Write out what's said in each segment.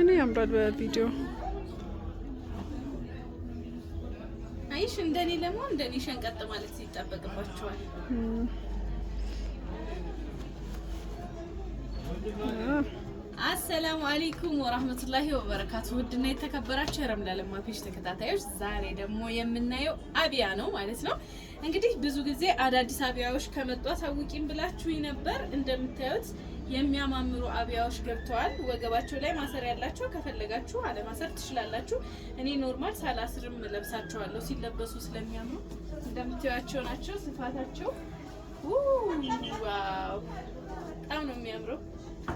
እኔ ያምራል በቪዲዮ አይሽ እንደኔ ለሞ እንደኔ ሸንቀጥ ማለት ይጠበቅባቸዋል። አሰላሙ አሌይኩም ወራህመቱላሂ ወበረካቱ። ውድና የተከበራችሁ የረምላ ለማ ፔጅ ተከታታዮች ዛሬ ደግሞ የምናየው አብያ ነው ማለት ነው። እንግዲህ ብዙ ጊዜ አዳዲስ አብያዎች ከመጡ አሳውቂም ብላችሁ ነበር እንደምታዩት የሚያማምሩ አብያዎች ገብተዋል። ወገባቸው ላይ ማሰር ያላቸው ከፈለጋችሁ አለማሰር ትችላላችሁ። እኔ ኖርማል ሳላስርም ለብሳቸዋለሁ ሲለበሱ ስለሚያምሩ እንደምታዩቸው ናቸው። ስፋታቸው ዋው በጣም ነው የሚያምረው።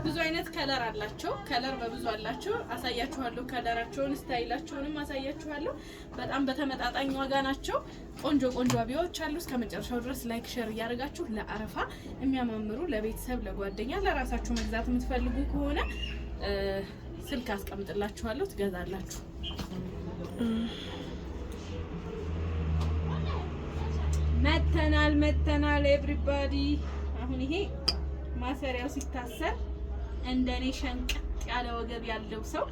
ብዙ አይነት ከለር አላቸው። ከለር በብዙ አላቸው። አሳያችኋለሁ። ከለራቸውን ስታይላቸውንም አሳያችኋለሁ። በጣም በተመጣጣኝ ዋጋ ናቸው። ቆንጆ ቆንጆ አብያዎች አሉ። እስከ መጨረሻው ድረስ ላይክ፣ ሼር እያደረጋችሁ ለአረፋ የሚያማምሩ ለቤተሰብ፣ ለጓደኛ፣ ለራሳችሁ መግዛት የምትፈልጉ ከሆነ ስልክ አስቀምጥላችኋለሁ፣ ትገዛላችሁ። መተናል መተናል ኤቭሪባዲ። አሁን ይሄ ማሰሪያው ሲታሰር እንደ እኔ ሸንቅጥ ያለ ወገብ ያለው ሰው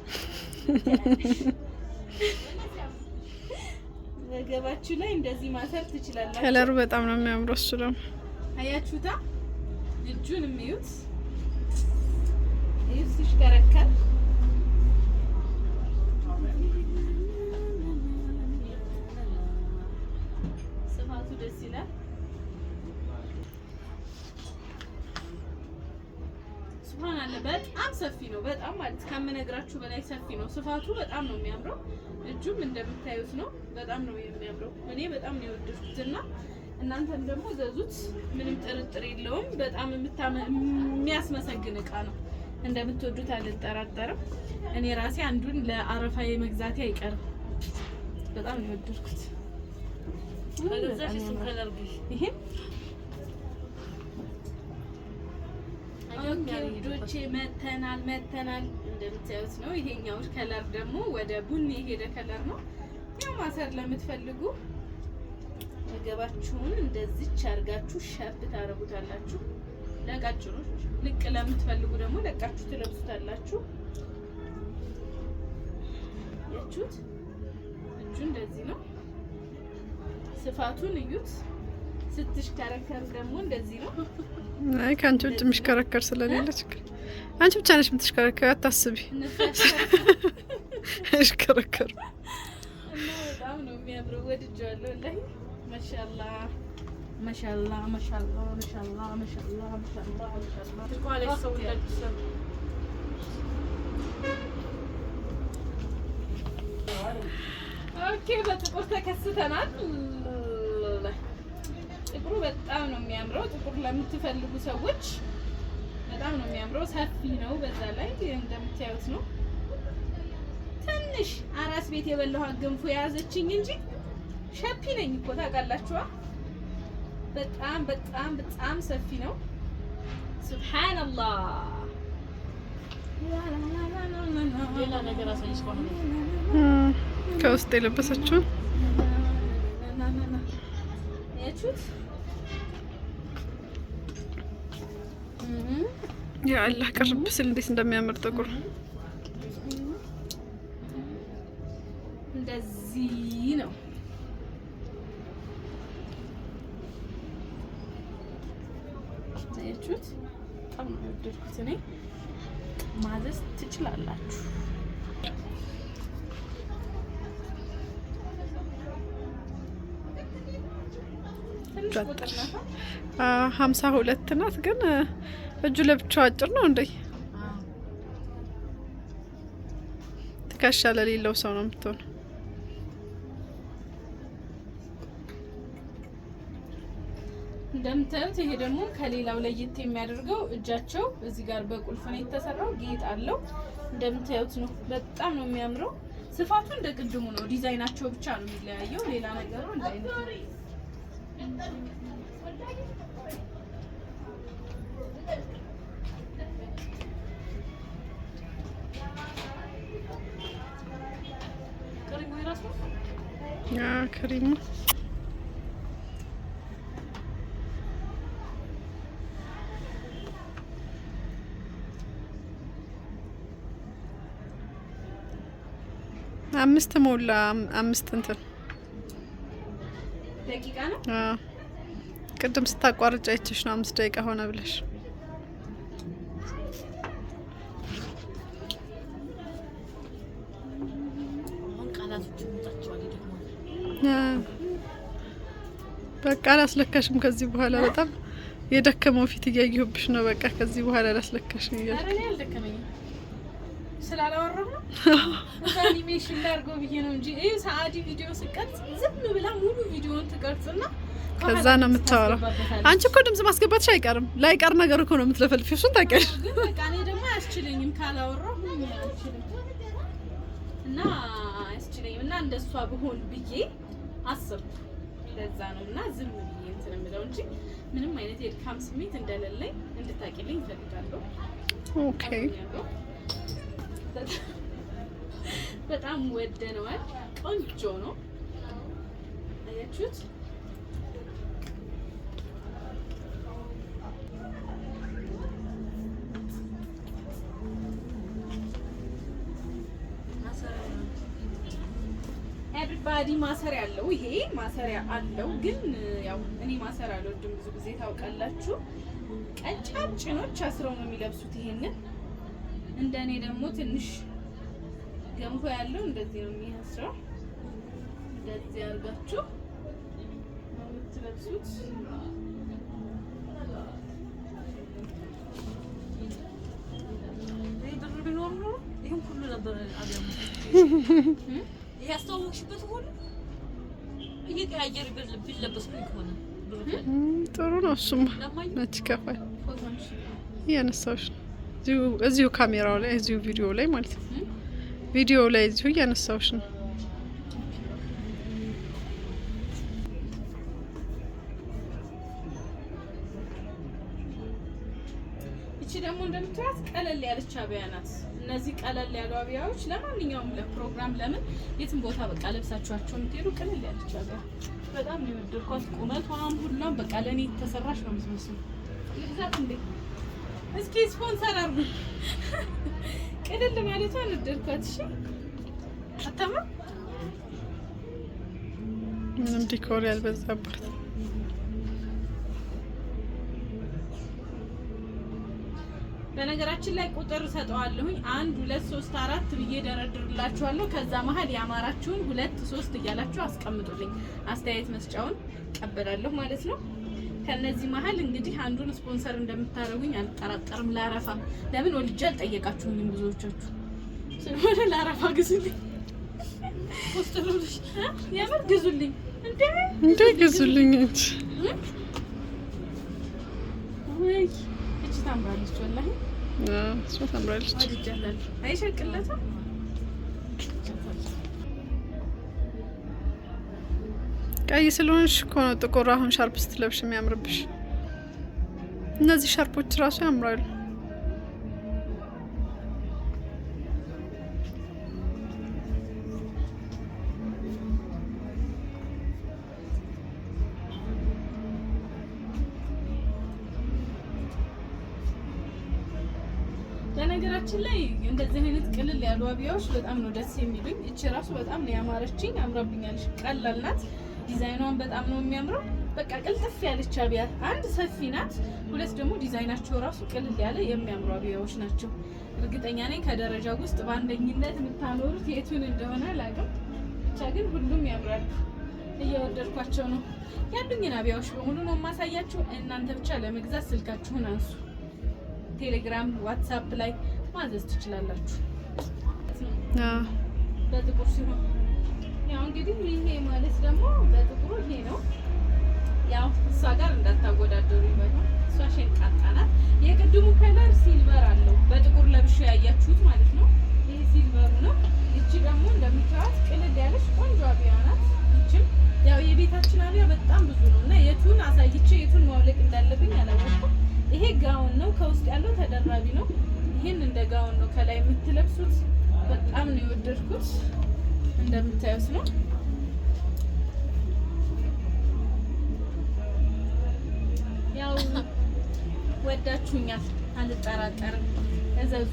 ወገባችሁ ላይ እንደዚህ ማሰር ትችላላችሁ። ከለሩ በጣም ነው የሚያምረው። እሱ ደግሞ አያችሁታ። ልጁን የሚዩት ይህ ሲሽከረከር በጣም ሰፊ ነው። በጣም ማለት ከምነግራችሁ በላይ ሰፊ ነው። ስፋቱ በጣም ነው የሚያምረው። እጁም እንደምታዩት ነው። በጣም ነው የሚያምረው። እኔ በጣም ነው የወደድኩት እና እናንተም ደግሞ ዘዙት፣ ምንም ጥርጥር የለውም። በጣም የሚያስመሰግን እቃ ነው። እንደምትወዱት አልጠራጠርም። እኔ ራሴ አንዱን ለአረፋ የመግዛቴ አይቀርም። በጣም ነው የወደድኩት። ይሄም ውዶቼ መተናል መተናል እንደምታዩት ነው። ይሄኛው ከለር ደግሞ ወደ ቡኒ የሄደ ከለር ነው። ያው ማሰር ለምትፈልጉ ወገባችሁን እንደዚች አድርጋችሁ ሸብ ታደርጉታላችሁ። ለቀጭኖች ልቅ ለምትፈልጉ ደግሞ ለቃችሁ ትለብሱታላችሁ። ያችሁት እጁ እንደዚህ ነው። ስፋቱን እዩት። ስትሽከረከር ደግሞ እንደዚህ ነው። አይ ከአንቺ ውጭ የሚሽከረከር ስለሌለች አንቺ ብቻ ነሽ የምትሽከረከሪ። አታስቢ ሽከረከሩ በጣም ነው የሚያምረው። ላይ ማሻላ ማሻላ ማሻላ ማሻላ ማሻላ ማሻላ ማሻላ ኦኬ። በጥቁር ተከስተናል። በጣም ነው የሚያምረው። ጥቁር ለምትፈልጉ ሰዎች በጣም ነው የሚያምረው። ሰፊ ነው፣ በዛ ላይ እንደምታዩት ነው። ትንሽ አራስ ቤት የበላሁ ገንፎ የያዘችኝ እንጂ ሸፒ ነኝ እኮ ታውቃላችኋ። በጣም በጣም በጣም ሰፊ ነው። ሱብሃንአላህ ከውስጥ የለበሰችውን ያችሁት የአላህ ቅርብ ስል እንዴት እንደሚያምር ጥቁር እንደዚህ ነው። ያችሁት በጣም ነው የወደድኩት እኔ። ማዘዝ ትችላላችሁ። አጭር ሀምሳ ሁለት ናት። ግን እጁ ለብቻው አጭር ነው እንዴ? ትከሻ ለሌለው ሰው ነው የምትሆነው። እንደምታዩት ይሄ ደግሞ ከሌላው ለየት የሚያደርገው እጃቸው እዚህ ጋር በቁልፍ ነው የተሰራው። ጌጥ አለው እንደምታዩት ነው። በጣም ነው የሚያምረው። ስፋቱ እንደ ቅድሙ ነው። ዲዛይናቸው ብቻ ነው የሚለያየው። ሌላ ነገሩ እንደ ነው። ክሪሙ አምስት ሞላ አምስት እንትን ደቂቃ ነው። ቅድም ስታቋርጫ አይችሽ ነው አምስት ደቂቃ ሆነ ብለሽ በቃ አላስለካሽም። ከዚህ በኋላ በጣም የደከመው ፊት እያየሁብሽ ነው። በቃ ከዚህ በኋላ አላስለካሽም እያልኩ ስላላወራሁ ነው። አኒሜሽን ላድርገው ብዬ ነው እንጂ ሰአዲ ቪዲዮ ስቀርጽ ዝም ብላ ሙሉ ቪዲዮን ትቀርጽና ከዛ ነው የምታወራው። አንቺ እኮ ድምጽ ማስገባትሽ አይቀርም። ላይቀር ነገር እኮ ነው የምትለፈልፊው። እሱን ታውቂያለሽ። እና አያስችለኝም እና እንደሷ ብሆን ብዬ አሰብኩ። ለዛ ነው እና ዝም ብዬ እንትን የምለው እንጂ ምንም አይነት የድካም ስሜት እንደሌለኝ እንድታቂልኝ እፈልጋለሁ። ኦኬ። በጣም ወደነዋል። ቆንጆ ነው። አያችሁት? ባዲ ማሰሪያ አለው። ይሄ ማሰሪያ አለው፣ ግን ያው እኔ ማሰሪያ አልወድም። ብዙ ጊዜ ታውቃላችሁ፣ ቀጫጭ ጭኖች አስረው ነው የሚለብሱት። ይሄንን እንደኔ ደግሞ ትንሽ ገንፎ ያለው እንደዚህ ነው የሚያስረው። እንደዚህ አድርጋችሁ የምትለብሱት ይሄ ብር ቢኖር ኖሮ ይሄን ሁሉ ነበር አገኘ ያስተዋወቅሽበት ሆነ እየቀያየር ቢለበስ ከሆነ ጥሩ ነው። እሱማ ነች ከፋይ እያነሳዎች ነው እዚሁ ካሜራው ላይ እዚሁ ቪዲዮ ላይ ማለት ነው። ቪዲዮ ላይ እዚሁ እያነሳዎች ነው። እቺ ደግሞ እንደምታያት ቀለል ያለች አብያ ናት። እነዚህ ቀለል ያሉ አብያዎች ለማንኛውም ለፕሮግራም ለምን የትም ቦታ በቃ ለብሳችኋቸው የምትሄዱ ቀለል ያለች አብያ በጣም ነው የወደድኳት። ቁመቷም ሁሏም በቃ ለእኔ ተሰራሽ ነው የምትመስሉ። ልግዛት እንዴ? እስኪ ስፖንሰር አርጉ። ቅልል ማለቷ ወደድኳት። እሺ አታማ ምንም ዲኮር ያልበዛባት በነገራችን ላይ ቁጥር ሰጠዋለሁኝ አንድ ሁለት ሶስት አራት ብዬ ደረድርላችኋለሁ። ከዛ መሀል የአማራችሁን ሁለት ሶስት እያላችሁ አስቀምጡልኝ። አስተያየት መስጫውን ቀበላለሁ ማለት ነው። ከነዚህ መሀል እንግዲህ አንዱን ስፖንሰር እንደምታደርጉኝ አልጠራጠርም። ላረፋ ለምን ወልጄ አልጠየቃችሁኝም? ብዙዎቻችሁ ስለሆነ ላረፋ ግዙልኝ፣ የምር ግዙልኝ፣ እንደ ግዙልኝ እንጂ ወይ እች ታምራለች ወላሂ እሷ ታምራለች። ቀይ ስለሆንሽ እኮ ነው ጥቁር አሁን ሻርፕ ስትለብሽ የሚያምርብሽ። እነዚህ ሻርፖች ራሱ ያምራሉ። በነገራችን ላይ እንደዚህ አይነት ቅልል ያሉ አብያዎች በጣም ነው ደስ የሚሉኝ። እቺ ራሱ በጣም ነው ያማረችኝ፣ አምራብኛለች። ቀላል ናት፣ ዲዛይኗን በጣም ነው የሚያምረው። በቃ ቅልጥፍ ያለች አብያ አንድ ሰፊ ናት፣ ሁለት ደግሞ ዲዛይናቸው ራሱ ቅልል ያለ የሚያምሩ አብያዎች ናቸው። እርግጠኛ ነኝ ከደረጃ ውስጥ በአንደኝነት የምታኖሩት የቱን እንደሆነ አላውቅም፣ ብቻ ግን ሁሉም ያምራሉ። እየወደድኳቸው ነው። ያሉኝን አብያዎች በሙሉ ነው የማሳያችሁ። እናንተ ብቻ ለመግዛት ስልካችሁን አንሱ። ቴሌግራም፣ ዋትሳፕ ላይ ማዘዝ ትችላላችሁ። በጥቁር ሲሆን ያው እንግዲህ ይሄ ማለት ደግሞ በጥቁሩ ይሄ ነው። ያው እሷ ጋር እንዳታወዳደሩ ይበሉ። እሷ ሸንቃጣ ናት። የቅድሙ ከለር ሲልቨር አለው በጥቁር ለብሼ ያያችሁት ማለት ነው። ይሄ ሲልቨሩ ነው። እቺ ደግሞ እንደምታዩት ቅልል ያለች ቆንጆ አብያ ናት። ይችም ያው የቤታችን አብያ በጣም ብዙ ነው እና የቱን አሳይቼ የቱን ማውለቅ እንዳለብኝ አላወቅኩም። ይሄ ጋውን ነው። ከውስጥ ያለው ተደራቢ ነው። ጋውን ነው ከላይ የምትለብሱት። በጣም ነው የወደድኩት። እንደምታዩት ነው። ያው ወዳችሁኛል፣ አልጠራጠርም። እዘዙ